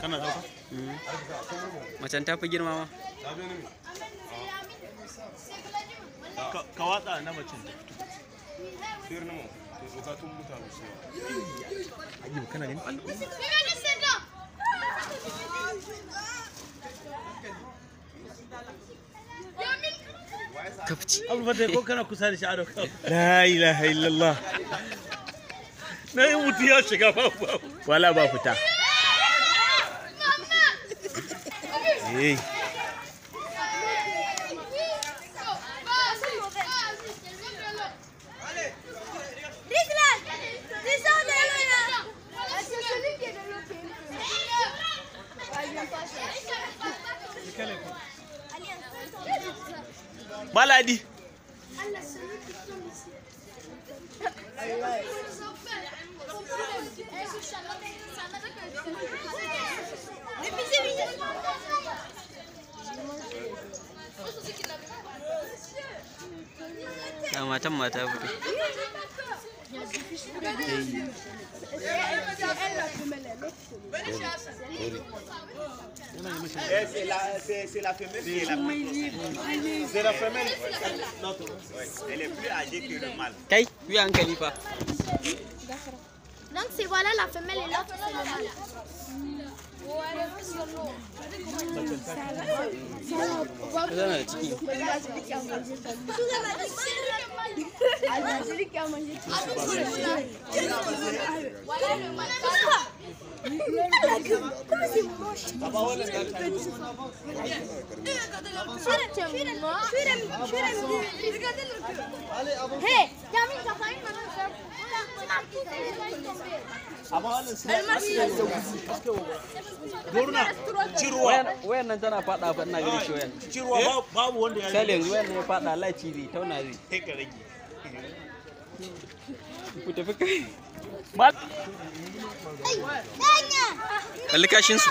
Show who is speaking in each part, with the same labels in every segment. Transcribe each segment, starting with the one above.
Speaker 1: Kana tak Macen ta fi girma ma? Ka watsa na macen ta fito. Sayar na mu, to kafci abu da ko kana kusa da shi ado la ilaha illallah na yi mutu ya shiga ba wala ba fita eh baladi matan mata Eh, c'est la, c'est la femelle qui est la C'est la femelle. Elle est plus âgée que le mâle. oui, en Donc, c'est voilà la femelle et l'autre, c'est le mâle. Güzel çıkayım. Almancılık yapmayacak. Hey! durna ciruwa wayan tana fada ciruwa eh? babu wanda ya sai wayan ya fada laci tauna sai ka rage ku tafi kai ba su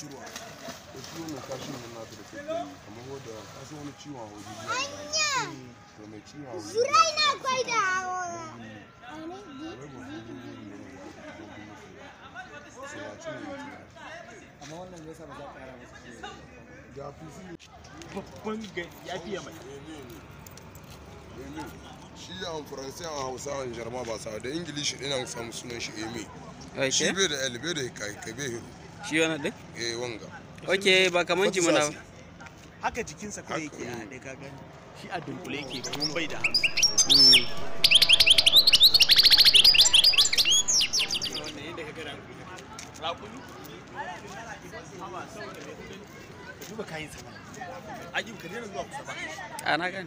Speaker 1: cirowa da ciwo mai kashin nan nasu da take kamar wadda wani ciwon jiya to mai ciwon zurai na kwai da a faransa hausa jarma ba sa da ingilishi ina samu sunan shi eme shi bai da bai da kai bai shi wani din eh wanga ok ba kaman jimina ba haka jikinsa kawai yake a da ka gani shi a dunkule yake kaman hmm. bai da hannu hmm. a na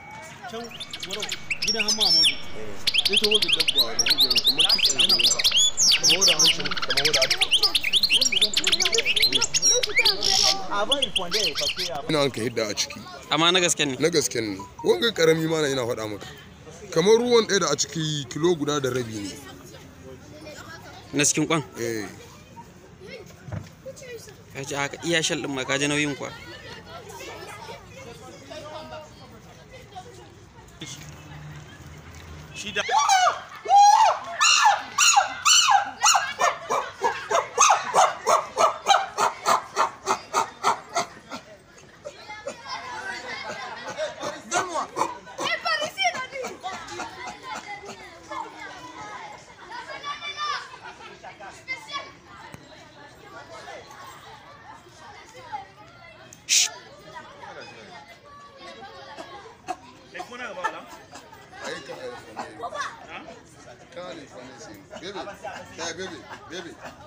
Speaker 1: can wurin gidan hamma to dabba da kitse ne hancin ina an ka yadda a ciki amma na gaske ne na gaske ne wanga karami mana ina faɗa maka kamar ruwan ɗaya da a ciki kilo guda da rabi ne na cikin kwan eh ka ji haka iya shal ɗin ma ka ji nauyin kwa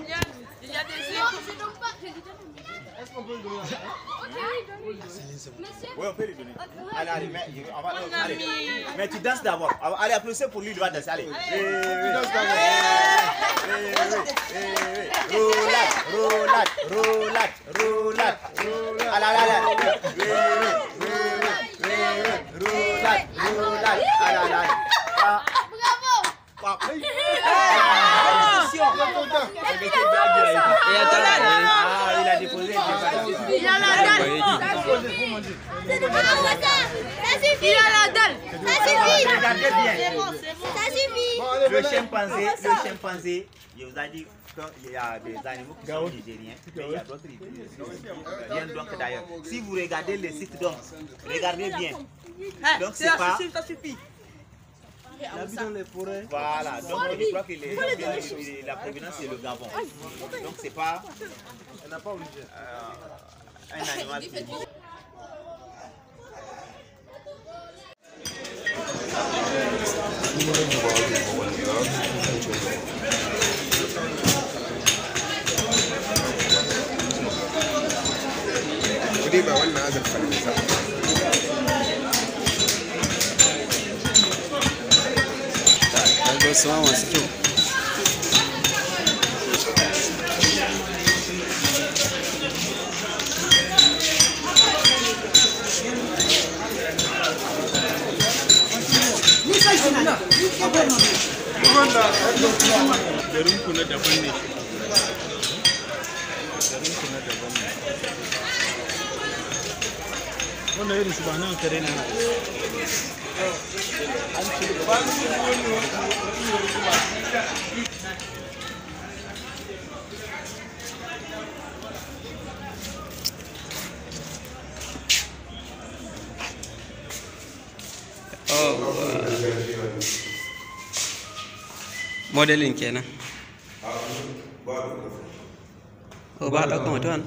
Speaker 1: Il y a des gens. Est-ce qu'on peut le donner Oui, on peut lui donner. mais, tu danses d'abord. Allez, applaudissez pour lui, il va danser. Allez. roulat, roulat, roulat. Allez, allez, allez. Oh oh ah, il a déposé. Il a la dalle. Ça suffit. Ah, il a la dalle. Ça suffit. Regardez bien. Ça suffit. Le chimpanzé, le chimpanzé, je vous ai dit qu'il y a des animaux qui sont nigériens, il y a d'autres qui viennent donc d'ailleurs. Si vous regardez le site donc, regardez bien. Donc eh, c'est pas... Ça suffit. Il habite dans les forêts. Voilà, donc on crois que les, la provenance c'est le Gabon. Donc c'est pas. Elle n'a pas obligé. Euh, un animal. sawa sito Ni sai sana. Ni ke bonon. Ronda, ronda. Jerum kuna dapan ne. wannan irin shi ba nan kare na Oh, wow. modelin kenan oh, ba da kuma tuwan?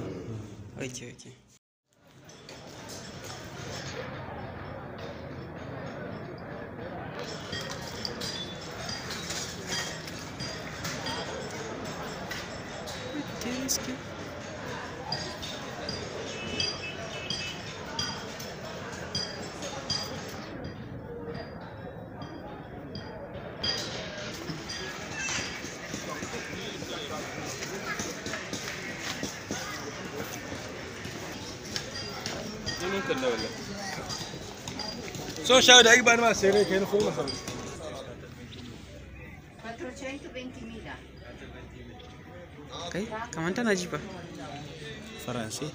Speaker 1: ok ok masqué. Sono ciao da Iban Masere che non fu una 420.000 kai kamar tana ji ba faransi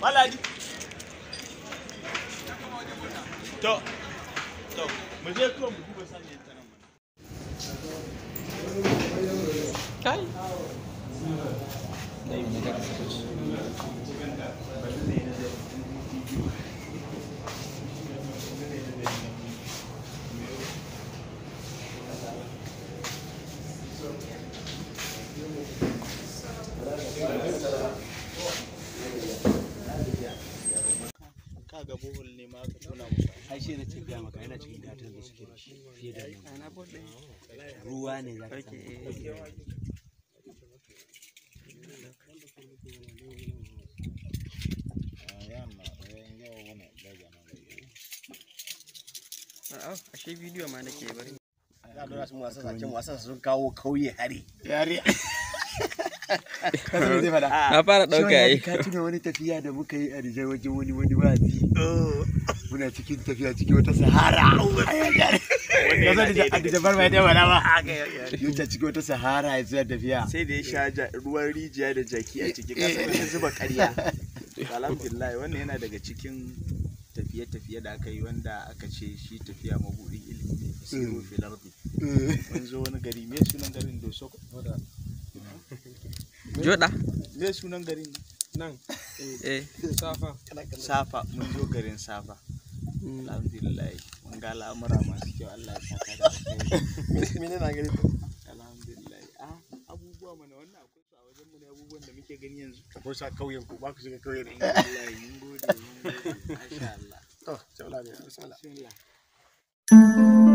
Speaker 1: Malade. To, to, mu je kuma mu duba sani ta cikin gatan da suke fiye da nan ruwa ne za ka ashe bidiyo ma nake bari. Ya dora su wasa sun kawo kauye hari. Ah. na fara ɗauka yi ka wani tafiya da muka yi a Nijar wajen wani wani wazi muna cikin tafiya cikin wata sahara ya da jabar mai dai wala ba ah, yuta cikin wata sahara ya zuwa tafiya sai da ya sha ruwan rijiya da jaki a cikin kasa ya zuba karya alhamdulillah wannan yana daga cikin tafiye-tafiye da aka yi wanda aka ce shi tafiya mabuɗin ilimi ne siru mm. zo wani gari me sunan garin joda me sunan garin nan eh, eh safa safa mun zo garin safa alhamdulillah mun ga al'amura Allah gari to alhamdulillah ah abubuwa mana wannan akwai su a wajen mu ne abubuwan da muke gani yanzu akwai su a kauyen ku ba ku shiga kauyen in Allah mun gode mun gode masha Allah to bismillah bismillah